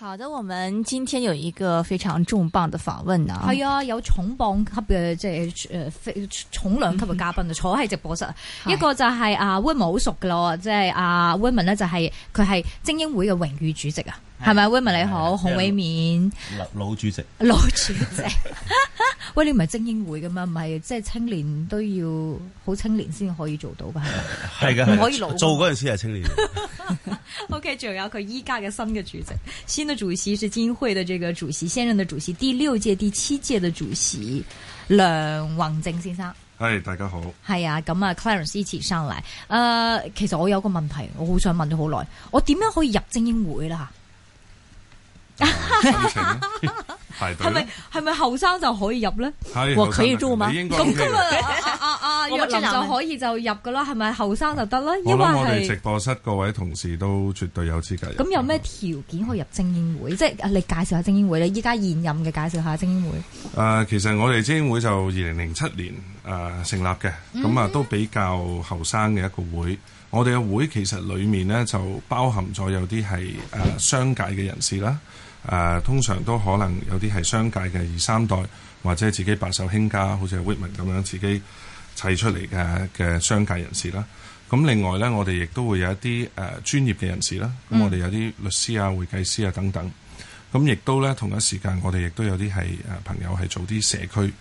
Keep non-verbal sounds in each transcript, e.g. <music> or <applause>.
好的，我們今天有一個非常重磅的訪問啊！係啊，有重磅級嘅，即係誒，非重量級嘅嘉賓坐喺直播室。嗯、一個就係、是、是啊 Wyman 好熟嘅咯，即係阿 Wyman 咧就係佢係精英會嘅榮譽主席啊，係咪 Wyman 你好，洪為民老主席，老主席，喂，你唔係精英會嘅咩？唔係即係青年都要好青年先可以做到㗎？係嘅， <laughs> 是的是的唔可以老做嗰陣時係青年。 <laughs> OK，仲有佢依家嘅新嘅主席，新的主席，的主席是精英會嘅這個主席，現任的主席，第六屆、第七屆的主席梁宏正先生。係、hey，大家好，係啊，咁啊，Clarence 一齊上嚟。誒、呃，其實我有個問題，我好想問咗好耐，我點樣可以入精英會啦？ <laughs> <laughs> <laughs> 係咪係咪後生就可以入咧？係企業做嘛？咁今啊啊阿阿、啊啊啊、 <laughs> 就可以入 <laughs> 是是就入噶啦，係咪後生就得啦？我諗我哋直播室各位同事都絕對有資格。咁有咩條件可以入精英會？ <laughs> 即係你介紹下精英會咧？你依家現任嘅介紹下精英會。誒、呃，其實我哋精英會就二零零七年誒、呃、成立嘅，咁啊、mm hmm. 呃、都比較後生嘅一個會。我哋嘅會其實裏面呢，就包含咗有啲係誒商界嘅人士啦。誒、呃、通常都可能有啲係商界嘅二三代，或者自己白手興家，好似 Witman 咁樣自己砌出嚟嘅嘅商界人士啦。咁另外咧，我哋亦都會有一啲誒、呃、專業嘅人士啦。咁我哋有啲律師啊、會計師啊等等。咁亦都咧，同一時間我哋亦都有啲係誒朋友係做啲社區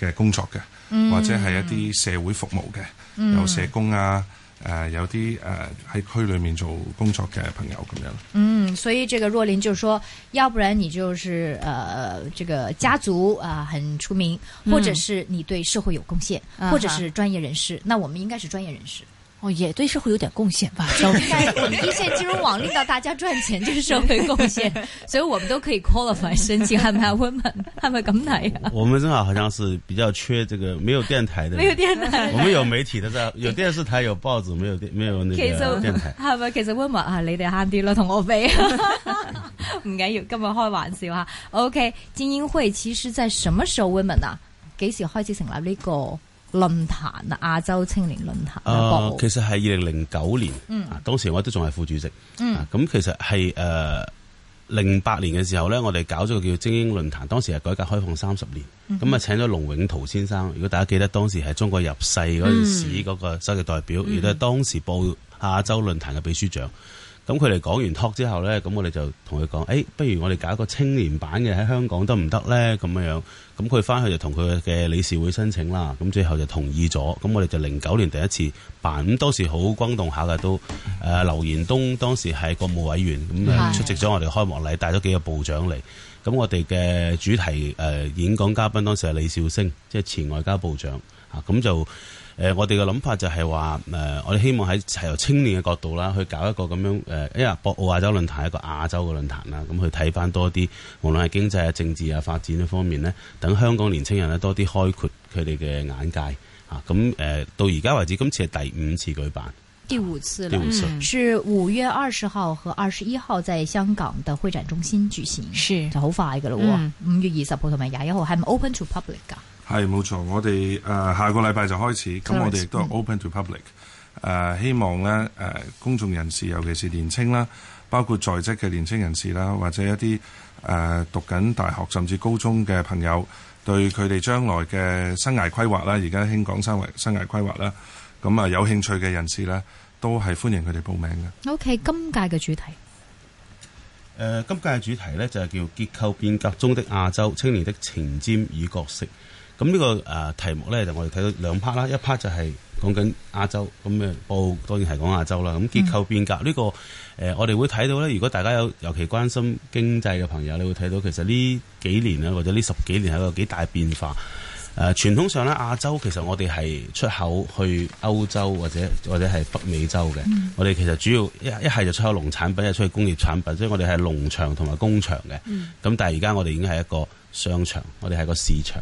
嘅工作嘅，嗯、或者係一啲社會服務嘅，有社工啊。嗯誒、呃、有啲誒喺區裏面做工作嘅朋友咁樣。嗯，所以這個若琳就說，要不然你就是呃這個家族啊、呃、很出名，或者是你對社會有貢獻，嗯、或者是專業人士，uh huh. 那我們應該是專業人士。哦，也對社會有點貢獻吧。應 <laughs> 我們一線金融網令到大家賺錢就是社會貢獻， <laughs> 所以我們都可以 qualify 申請。係咪為民？係咪咁睇？我們正好好像是比較缺這個沒有電台的， <laughs> 好好沒有電台。 <laughs> 我們有媒體的，在有電視台，有報紙，沒有電沒有那個電台。係咪其實為民啊？你哋慳啲咯，同我比，唔緊要，今日開玩笑吓。 <laughs> <laughs> <laughs> OK，精英會其實在什麼時候為民啊？幾時開始成立呢個？論壇啊，亞洲青年論壇。其實係二零零九年，嗯、當時我都仲係副主席。咁、嗯、其實係誒零八年嘅時候呢，我哋搞咗個叫精英論壇，當時係改革開放三十年，咁啊、嗯、哼請咗龍永圖先生。如果大家記得，當時係中國入世嗰陣時嗰個首席嘅代表，亦都係當時博鰲亞洲論壇嘅秘書長。咁佢哋講完 talk 之後呢，咁我哋就同佢講，誒、欸、不如我哋搞一個青年版嘅喺香港得唔得呢？樣，咁樣，咁佢返去就同佢嘅理事會申請啦。咁最後就同意咗。咁我哋就零九年第一次辦。咁當時好轟動下嘅都，誒、呃，劉延東當時係國務委員，咁出席咗我哋開幕禮，帶咗幾個部長嚟。咁我哋嘅主題誒、呃、演講嘉賓當時係李肇星，即、就、係、是、前外交部長。啊，咁就。.誒、呃，我哋嘅諗法就係話，誒、呃，我哋希望喺係由青年嘅角度啦，去搞一個咁樣誒、呃，因為博鰲亞洲論壇一個亞洲嘅論壇啦，咁去睇翻多啲，無論係經濟啊、政治啊、發展嘅方面呢，等香港年青人咧多啲開闊佢哋嘅眼界啊。咁、嗯、誒，到而家為止，今次係第五次舉辦，第五次喇，是五月二十號和二十一號在香港嘅會展中心舉行，就好快㗎咯。五月二十號同埋廿一號係咪 open to public 㗎？係冇錯，我哋誒、呃、下個禮拜就開始，咁，我哋亦都 open to public、呃。誒，希望咧誒、呃，公眾人士，尤其是年青啦，包括在職嘅年青人士啦，或者一啲誒、呃、讀緊大學甚至高中嘅朋友，對佢哋將來嘅生涯規劃啦，而家興講生涯生涯規劃啦，咁、呃、啊、呃、有興趣嘅人士咧，都係歡迎佢哋報名嘅。O、okay, K，今屆嘅主題誒、呃，今屆嘅主題咧就係叫結構變革中的亞洲青年的前瞻與角色。咁呢個誒題目呢，就我哋睇到兩 part 啦。一 part 就係講緊亞洲，咁嘅當當然係講亞洲啦。咁結構變革呢、嗯這個誒、呃，我哋會睇到呢。如果大家有尤其關心經濟嘅朋友，你會睇到其實呢幾年啊，或者呢十幾年係一個幾大變化。誒、呃，傳統上呢，亞洲其實我哋係出口去歐洲或者或者係北美洲嘅。嗯、我哋其實主要一一係就出口農產品，一係出去工業產品，即係我哋係農場同埋工場嘅。咁、嗯、但係而家我哋已經係一個商場，我哋係個市場。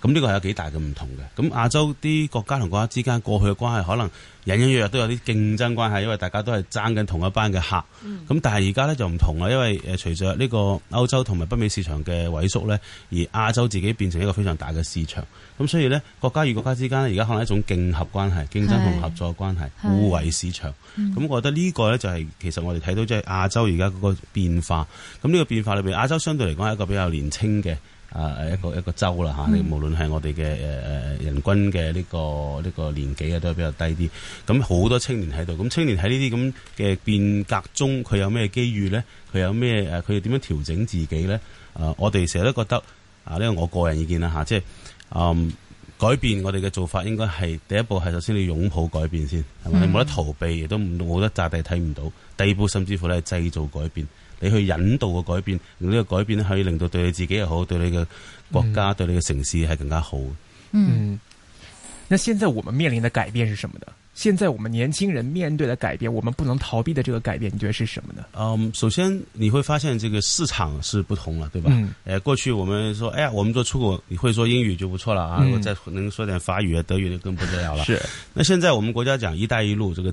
咁呢個係有幾大嘅唔同嘅，咁亞洲啲國家同國家之間過去嘅關係，可能隱隱約約都有啲競爭關係，因為大家都係爭緊同一班嘅客。咁、嗯、但係而家呢就唔同啦，因為誒隨着呢個歐洲同埋北美市場嘅萎縮呢，而亞洲自己變成一個非常大嘅市場。咁所以呢，國家與國家之間而家可能一種競合關係，競爭同合作關係，互為是市場。咁、嗯、我覺得呢個呢、就是，就係其實我哋睇到即係亞洲而家嗰個變化。咁呢個變化裏面，亞洲相對嚟講係一個比較年輕嘅。啊，一個一個州啦嚇，無論係我哋嘅誒誒人均嘅呢個呢個年紀啊，都係比較低啲。咁好多青年喺度，咁青年喺呢啲咁嘅變革中，佢有咩機遇呢？佢有咩誒？佢要點樣調整自己呢？啊，我哋成日都覺得啊，呢個我個人意見啦吓，即係嗯改變我哋嘅做法，應該係第一步係首先你擁抱改變先，係你冇得逃避，亦都冇得擲地睇唔到。第二步甚至乎係製造改變。你去引導個改變，呢、這個改變咧可以令到對你自己也好，對你嘅國家、嗯、對你嘅城市係更加好。嗯，那現在我們面臨的改變是什麼呢？的現在我們年輕人面對的改變，我們不能逃避的這個改變，你覺得是什麼呢？嗯，首先你會發現這個市場是不同了，對吧？誒、嗯，過去我們說，哎呀，我們做出口，你會說英語就不錯了啊，如果再能說點法語、啊、德語就更不得了了。是。那現在我們國家講一帶一路，這個。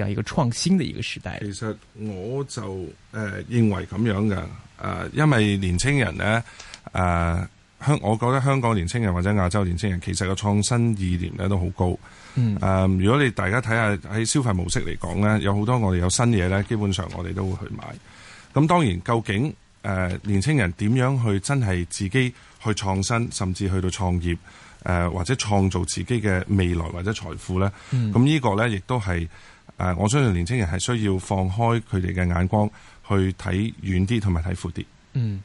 呢樣一個創新嘅一個時代。其實我就誒、呃、認為咁樣嘅，誒、呃，因為年青人呢，誒、呃，香我覺得香港年青人或者亞洲年青人，其實個創新意念咧都好高。嗯，誒，如果你大家睇下喺消費模式嚟講呢，有好多我哋有新嘢呢，基本上我哋都會去買。咁當然，究竟誒、呃、年青人點樣去真係自己去創新，甚至去到創業，誒、呃、或者創造自己嘅未來或者財富呢？嗯，咁呢個呢，亦都係。誒，我相信年青人係需要放開佢哋嘅眼光去睇遠啲，同埋睇闊啲。嗯，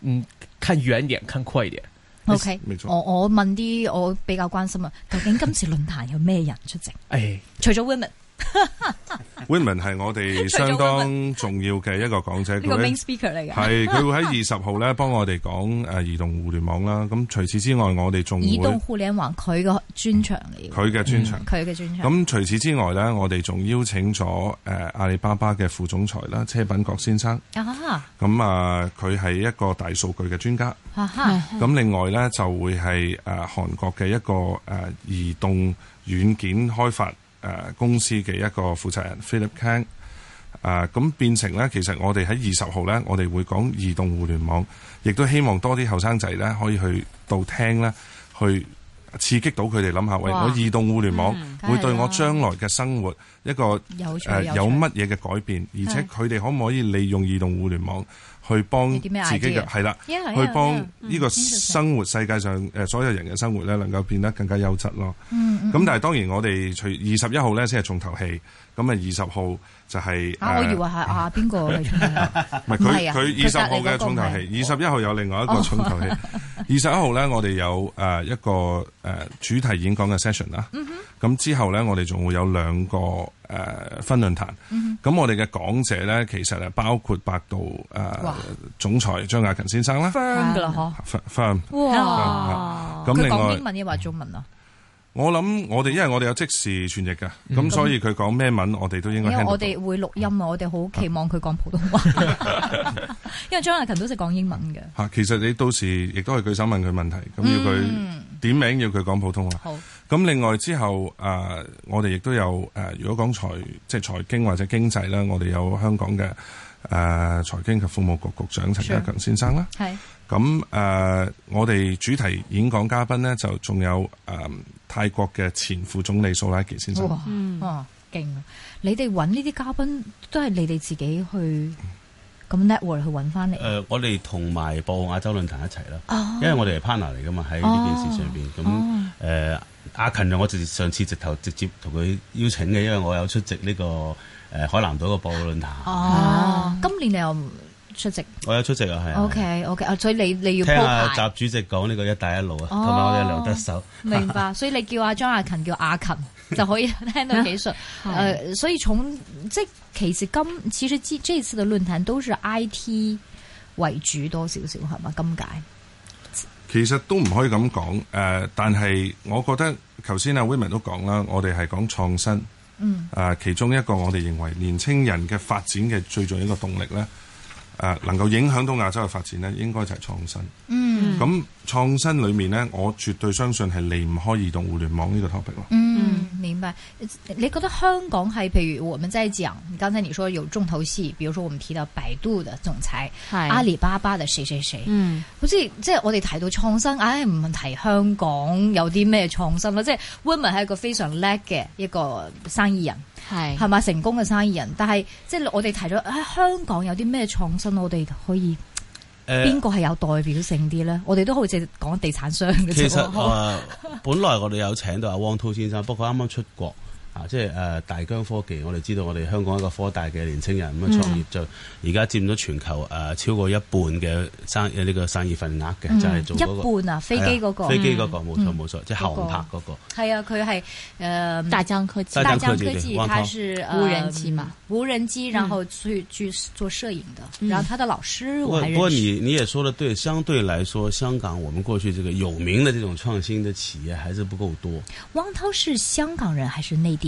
嗯，看遠點，看闊一點。O Okay , K，錯我我問啲我比較關心啊，究竟今次論壇有咩人出席？誒， <laughs> 除咗 women。 <laughs> Women 係我哋相當重要嘅一個講者，佢係 main speaker 嚟嘅。係佢會喺二十號咧幫我哋講誒移動互聯網啦。咁除 <laughs> 此之外，我哋仲移動互聯網佢嘅專長嚟，佢嘅專長，佢嘅專長。咁除此之外呢，我哋仲邀請咗誒阿里巴巴嘅副總裁啦，車品覺先生。咁啊、 <laughs> 嗯，佢係一個大數據嘅專家。咁 <laughs> 另外呢就會係誒韓國嘅一個誒移動軟件開發。誒、呃、公司嘅一個負責人 Philip Kang 啊、呃，咁變成呢，其實我哋喺二十號呢，我哋會講移動互聯網，亦都希望多啲後生仔呢，可以去到聽呢，去刺激到佢哋諗下，喂，我哇、哎、移動互聯網會對我將來嘅生活一個、呃、有乜嘢嘅改變，而且佢哋可唔可以利用移動互聯網？去幫自己嘅係啦，去幫呢個生活世界上誒所有人嘅生活咧，能夠變得更加優質咯。咁但係當然我哋除二十一號咧先係重頭戲，咁啊二十號就係啊我以為係下邊個嘅重頭戲，唔係佢佢，二十號嘅重頭戲，二十一號有另外一個重頭戲。二十一號咧我哋有誒一個誒主題演講嘅 session 啦，咁之後咧我哋仲會有兩個。誒分論壇，咁我哋嘅講者咧，其實係包括百度誒總裁張亞勤先生啦，fan 啦嗬 f a 咁另外，佢講英文抑或中文啊？我諗我哋因為我哋有即時傳譯噶，咁所以佢講咩文，我哋都應該。我哋會錄音啊，我哋好期望佢講普通話，因為張亞勤都識講英文嘅。嚇，其實你到時亦都係舉手問佢問題，咁要佢點名，要佢講普通話。好。咁另外之後，誒、呃、我哋亦都有誒，如果講財即係財經或者經濟呢，我哋有香港嘅誒、呃、財經及服務局局長陳家強先生啦。咁誒，我哋主題演講嘉賓呢，就仲有誒、呃、泰國嘅前副總理素拉傑先生。哇、嗯！哇！勁啊！你哋揾呢啲嘉賓都係你哋自己去。咁 network 去揾翻你。呃、我哋同埋博鰲亞洲論壇一齊啦，oh. 因為我哋係 partner 嚟噶嘛，喺呢件事上面，咁誒、oh. oh. 呃，阿勤，我直上次直頭直接同佢邀請嘅，因為我有出席呢、這個誒、呃、海南島個博鰲亞洲論壇。哦、oh. 嗯，今年你又出席？我有出席啊，係 O K O K，所以你你要聽下習主席講呢個一帶一路啊，同埋、oh. 我哋梁特首。明白， <laughs> 所以你叫阿張亞勤叫亞勤。就可以聽到技術，誒、 <laughs> 呃，所以從即係其實今其實即這次的論壇都是 I T 為主多少少，係嘛？咁解？其實都唔可以咁講誒，但係我覺得頭先阿 Wayman 都講啦，我哋係講創新，嗯，誒、呃、其中一個我哋認為年青人嘅發展嘅最重要的一個動力咧，誒、呃、能夠影響到亞洲嘅發展咧，應該就係創新，嗯。嗯，咁創新裏面呢，我絕對相信係離唔開移動互聯網呢個 topic 咯。嗯，明白。你覺得香港係譬如我們在講，剛才你說有重頭戲，比如說我們提到百度的總裁，是阿里巴巴的誰誰誰。嗯，好似即係我哋提到創新，唉，唔提。香港有啲咩創新咧？即係 Witman 係一個非常叻嘅一個生意人，係係咪成功嘅生意人。但係即係我哋提咗喺香港有啲咩創新，我哋可以。邊個係有代表性啲咧？我哋都好似講地產商嘅。其實好本來我哋有請到阿汪濤先生， <laughs> 不過啱啱出國。啊，即係誒大疆科技，我哋知道我哋香港一個科大嘅年青人咁，啊創業，就而家佔咗全球誒超過一半嘅生誒呢個生意份額嘅，就係做嗰個一半啊飛機嗰個飛機嗰個冇錯冇錯，即係航拍嗰個係啊佢係誒大疆科技大疆科技，它是無人機嘛無人機，然後去去做攝影的，然後他的老師我還認識，不過你你也說得對，相對來說香港，我們過去這個有名的這種創新的企業還是不夠多。汪滔是香港人還是內地？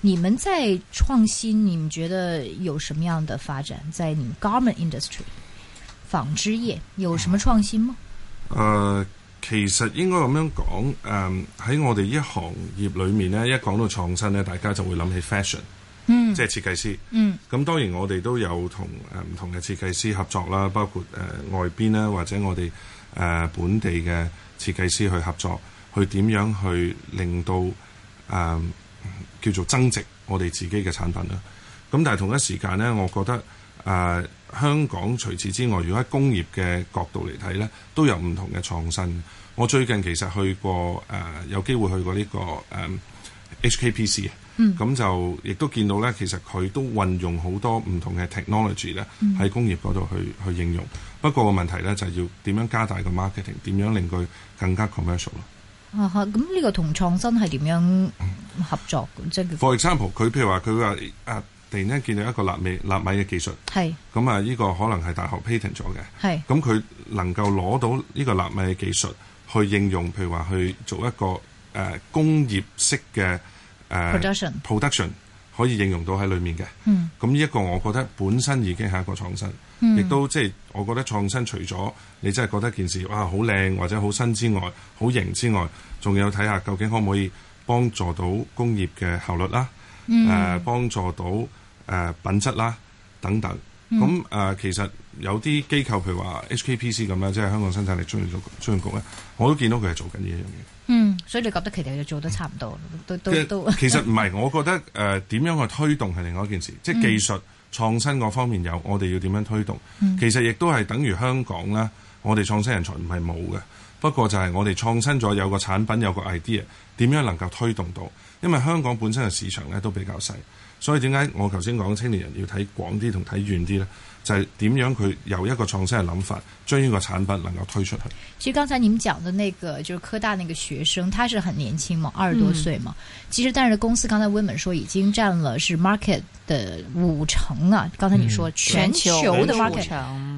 你們在創新，你們覺得有什麼樣的發展？在你們 garment industry，紡織業有什麼創新嗎？誒、呃，其實應該咁樣講，誒、呃、喺我哋一行業裏面咧，一講到創新咧，大家就會諗起 fashion，嗯，即係設計師，嗯，咁當然我哋都有同誒唔同嘅設計師合作啦，包括誒、呃、外邊啦，或者我哋誒、呃、本地嘅設計師去合作，去點樣去令到誒。呃叫做增值我哋自己嘅產品啦，咁但係同一時間呢，我覺得誒、呃、香港除此之外，如果喺工業嘅角度嚟睇呢都有唔同嘅創新。我最近其實去過誒、呃、有機會去過呢、呢個、呃、HKPC，咁、嗯、就亦都見到呢，其實佢都運用好多唔同嘅 technology 呢喺工業嗰度去、嗯、去應用。不過個問題呢，就係、係、要點樣加大個 marketing，點樣令佢更加 commercial。啊哈！咁呢個同創新係點樣合作？即係，For example，佢譬如話佢話突然間見到一個納米納米嘅技術係咁啊，呢是個可能係大學 patent 咗嘅係。咁佢是能夠攞到呢個納米嘅技術去應用，譬如話去做一個誒、呃、工業式嘅誒、呃、production production 可以應用到喺裏面嘅。嗯，咁呢一個我覺得本身已經係一個創新。亦都即係，我覺得創新除咗你真係覺得件事哇好靚或者好新之外，好型之外，仲有睇下究竟可唔可以幫助到工業嘅效率啦，誒、嗯呃、幫助到、呃、品質啦等等。咁、嗯呃、其實有啲機構譬如話 HKPC 咁樣即係香港生產力促進局，促進局咧，我都見到佢係做緊呢一樣嘢。嗯，所以你覺得其實佢做得差唔多，都都、嗯、都。都都其實唔係， <laughs> 我覺得誒點、呃、樣去推動係另外一件事，即係技術。嗯創新嗰方面有，我哋要點樣推動？嗯、其實亦都係等於香港啦，我哋創新人才唔係冇嘅。不過就係我哋創新咗有個產品有個 idea，點樣能夠推動到？因為香港本身嘅市場呢都比較細，所以點解我頭先講青年人要睇廣啲同睇遠啲呢？就係、是、點樣佢有一個創新嘅諗法，將呢個產品能夠推出去。其實剛才你們講的那個就是、科大那個學生，他是很年輕嘛，二十多歲嘛。嗯、其實但是公司剛才 Witman 說已經佔了是 market 的五成啊。剛才你說、嗯、全球的五成。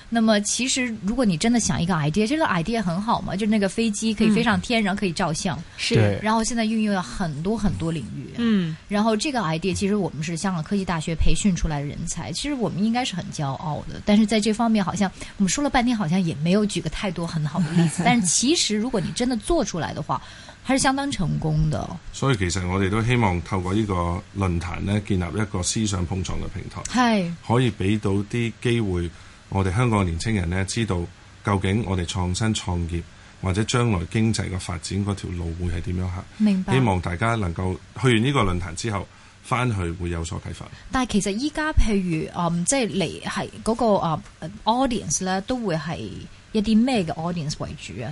那麼，其實如果你真的想一個 idea，這個 idea 很好嘛？就那個飛機可以飛上天然，然後、嗯、可以照相，是。然後現在運用了很多很多領域。嗯。然後這個 idea，其實我們是香港科技大學培訓出來的人才，其實我們應該是很驕傲的。但是在這方面，好像我們說了半天，好像也沒有舉個太多很好的例子。是。但是其實，如果你真的做出來的話，還是相當成功的。所以，其實我哋都希望透過呢個論壇呢，建立一個思想碰撞嘅平台，是可以俾到啲機會。我哋香港嘅年青人呢，知道究竟我哋創新創業或者將來經濟嘅發展嗰條路會係點樣行。明白。希望大家能夠去完呢個論壇之後，翻去會有所啟發。但係其實依家譬如誒，即係嚟係嗰個、uh, audience 咧，都會係一啲咩嘅 audience 為主啊？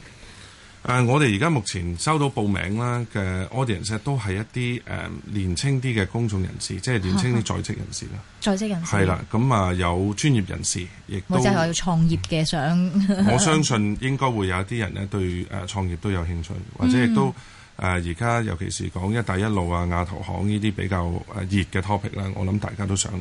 誒、呃，我哋而家目前收到報名啦嘅 audience 都係一啲誒、呃、年輕啲嘅公眾人士，即係年輕啲在職人士啦 <music> 。在職人士？係啦，咁啊、呃、有專業人士，亦都即係話要創業嘅想。嗯、 <laughs> 我相信應該會有一啲人呢對誒創業都有興趣，或者亦都誒而家尤其是講一帶一路啊、亞投行呢啲比較熱嘅 topic 啦，我諗大家都想。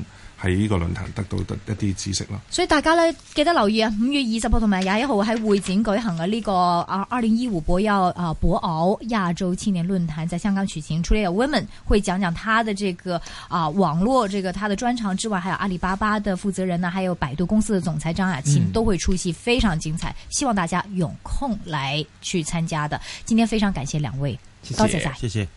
喺呢個論壇得到得一啲知識咯。所以大家呢，記得留意、嗯以後還已經這個、啊，五月二十號同埋廿一號喺會展舉行嘅呢個啊二零一五博鰲啊博鰲亞洲青年論壇，在香港舉行。除了有 women 會講講他的這個啊網絡這個她的專長之外，還有阿里巴巴的負責人呢，還有百度公司的總裁張亞勤、嗯、都會出席，非常精彩。希望大家有空來去參加的。今天非常感謝兩位，多謝曬，謝，謝謝。